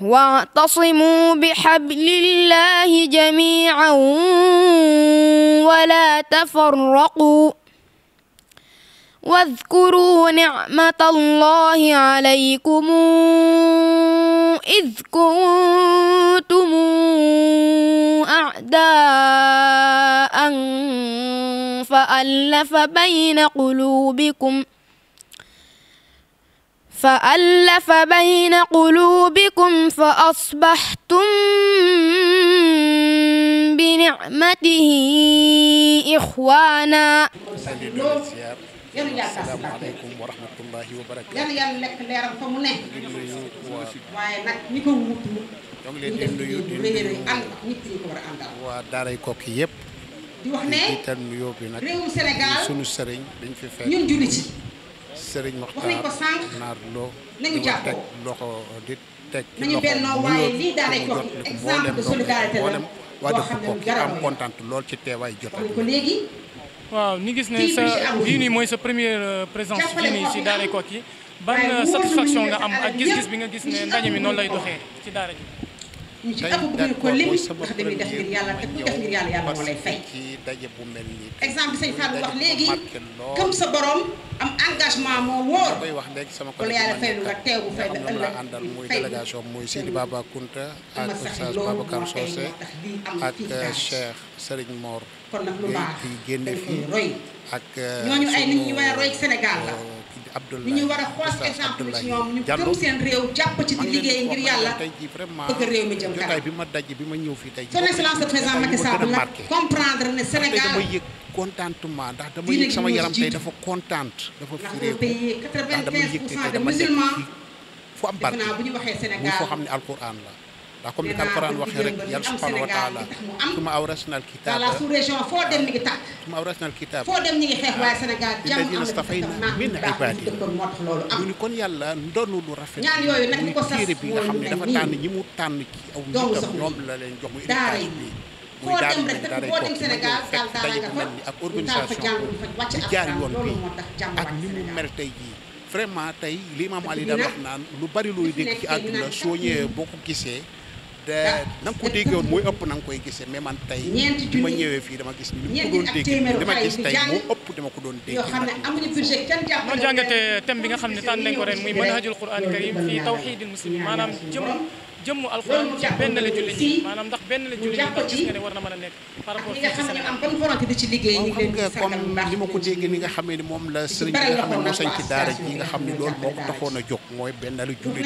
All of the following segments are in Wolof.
واعتصموا بحبل الله جميعا ولا تفرقوا واذكروا نعمة الله عليكم إذ كنتم أعداء فألف بين قلوبكم فألف بين قلوبكم فأصبحتم بنعمته إخوانا asalaamaaleykum wa rahmatullahi wa barakaatu yàlla yàlla lekk leeram fa mu ne waaye nag ñi ko wutu ñoo ngi leen di nuyu di nuyu ànd nit ñi ko war a àndal waa daaray kokki yëpp di wax ne itam nuyoo bi nag réewum Sénégal sunu sëriñ dañ fi fekk ñun jullit ci sëriñ Moxtaar naar loo di ko teg loxo di teg ci loxo lii daanaka exemple de solidarité ci teewaay jot waaw ñu gis ne sa bii nii mooy sa première euh, présence fii nii si Daaray Koki ban euh, satisfaction nga am ak gis-gis bi nga gis ne ndaje mi noonu lay doxee ci daara ji ñu ci ëpp bëgguñu ko lim ndax dañuy def ngir yàlla te ku def ngir yàlla yàlla moo lay fay. exemple sëñ Fallou wax léegi comme sa borom am engagement moo wóor loolu yàlla fay lu nga teew bu fay ba ëllëg ak Oustaz Babacar Socé euh, kon nag lu baax di génne fii roy ak euh, ñooñu ay nit ñu war a roy Sénégal la euh, ñu war a xool exemple ci ñoom ñu gëm seen réew jàpp ci liggéey ngir yàlla bëgg réew mi jëm kanam bi ma daj bi ma ñëw fii tey son excellence le sa Macky Sall la comprendre ne Sénégal dama yëg contentement ndax dama yëg sama yaram tey dafa contente dafa firee ndax dama yëg tey dama seet fii fu am barke bu ñu waxee Sénégal foo xam ne alquran la ndax comme ni ko alquran waxee rek yàlla subhanahu wa taala suma awrasna al kitaaba wala su région foo dem ñu ngi tàkk suma awrasna al kitaaba foo dem ñu ngi xeex waaye Sénégal jàmm am na kon yàlla ndonu lu rafet ñaan nga xam ne dafa ñi mu tànn ci aw nitam ñoom la leen jox mu daara yi muy daara yi daara yi toog mel ni ak organisation ci jaar yoon bi ak ni mu mel tey vraiment tey li Imam Ali daan naan lu bari looy dégg ci àdduna soo ñëwee boo ko gisee na nga ko déggee woon mooy ëpp na koy gisee mais man tey bi ma ñëwee fii dama gis ni ko dama gis tey moo ëpp dama ko doon dégg noo jàngatee bi nga xam ne tànn nañ ko ren muy manhajul qur'an karim maanaam jëm jëmm alxuraan maanaam ndax benn la julli nga na mën a nekk par xam ne am di ci liggéey ñu leen di sargal bu baax li ma nga xamee ni moom la sëriñ bi nga xam ne moo sañ ci daara ji nga xam ne loolu moo ko taxoon a jóg mooy benn la julli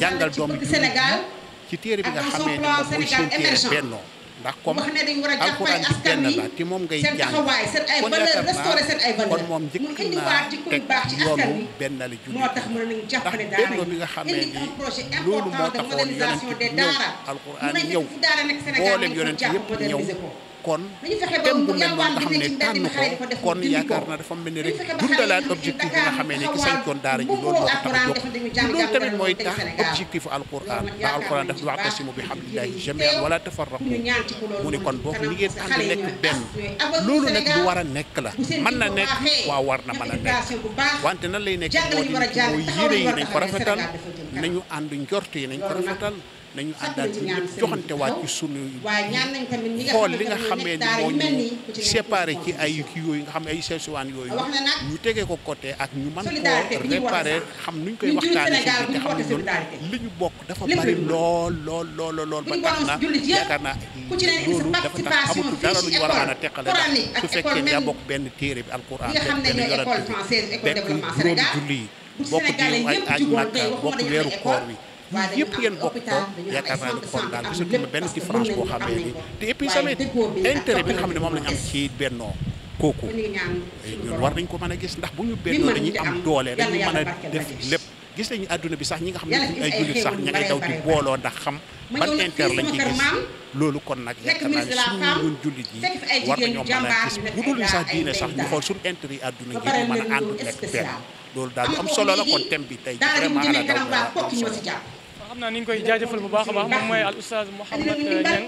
jàngal doom Sénégal ci téere bi nga xamee ni moom mooy seen téere bennoo ndax comme alxuraan bi benn la te moom ngay jàng kon yaakaar naa kon moom njëkk naa teg yoonu benn la jullit ndax bennoo bi nga xamee ni loolu moo taxoon yonent bi ñëw alxuraan ñëw mboolem yonent yëpp ñëw kon thème bu mel noonu nga ne tànn ko kon yaakaar naa dafa mel ni rek dundalaat objectif bi nga xamee ne ki sañcoon daara ji loolu moo tax a loolu tamit mooy tax objectif alquran ndax alquran daf wa'tasimu bi hablillahi jami'an wala tafarraqu mu ni kon boog li ngeen ànd nekk benn loolu nag lu war a nekk la man na nekk waa war na mën nekk wante na lay nekk moo di mooy yére yi nañ ko rafetal nañu ànd njort yi nañ ko nañu àndaat ñëpp joxante waat ci sunu xool li nga xamee ni moo ñu séparé ci ay kii yooyu nga xam ay seesuwaan yooyu ñu tegee ko côté ak ñu man koo réparé xam nuñ koy waxtaane si te xam ne ñun li ñu bokk dafa bari lool lool lool lool ba tax na yaakaar naa loolu dafa tax amatul dara lu ñu war a mën a teqale ndax su fekkee yaa bokk benn téere bi alquran benn yorante bi bekk juróomi julli yi bokk diw bokk weeru koor wi yii yëpp ngeen bokk ko yaakaar naa ne kon daal gisatu ma benn différence boo xamee ni te et puis tamit bi nga xam ne moom la ñu am ci bennoo kooku ñoom war nañ ko mën a gis ndax bu ñu bennoo dañuy am doole dañu mën a def lépp gis nañu àdduna bi sax ñi nga xam ne ay jullit sax ña ngay daw booloo ndax xam ban intérêt lañ ci gis loolu kon nag yaakaar naa yi war nañoo mën a gis bu dul sax sax ñu xool suñu intérêt yi a ànd loolu daal lu am solo la kon thème bi tey vraiment ala daw xam naa ni ñu koy jaajëfal bu baax a baax moom mooy al oustaz Mouhamed Niang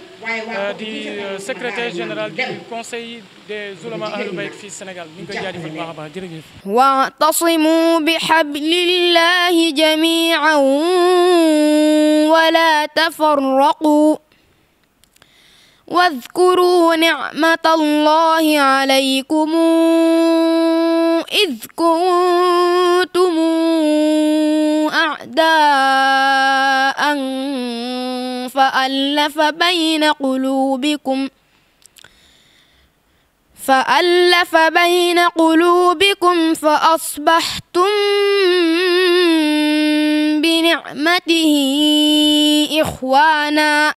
euh, di euh, secrétaire général du conseil des ulama ahlul bayt fii Sénégal ni ñu koy jaajëfal bu baax a baax jërëjëf wa'tasimu bi hablillahi jami'an wa la tafarraqu واذكروا نعمة الله عليكم إذ كنتم أعداء فألف بين قلوبكم فألف بين قلوبكم فأصبحتم بنعمته إخوانا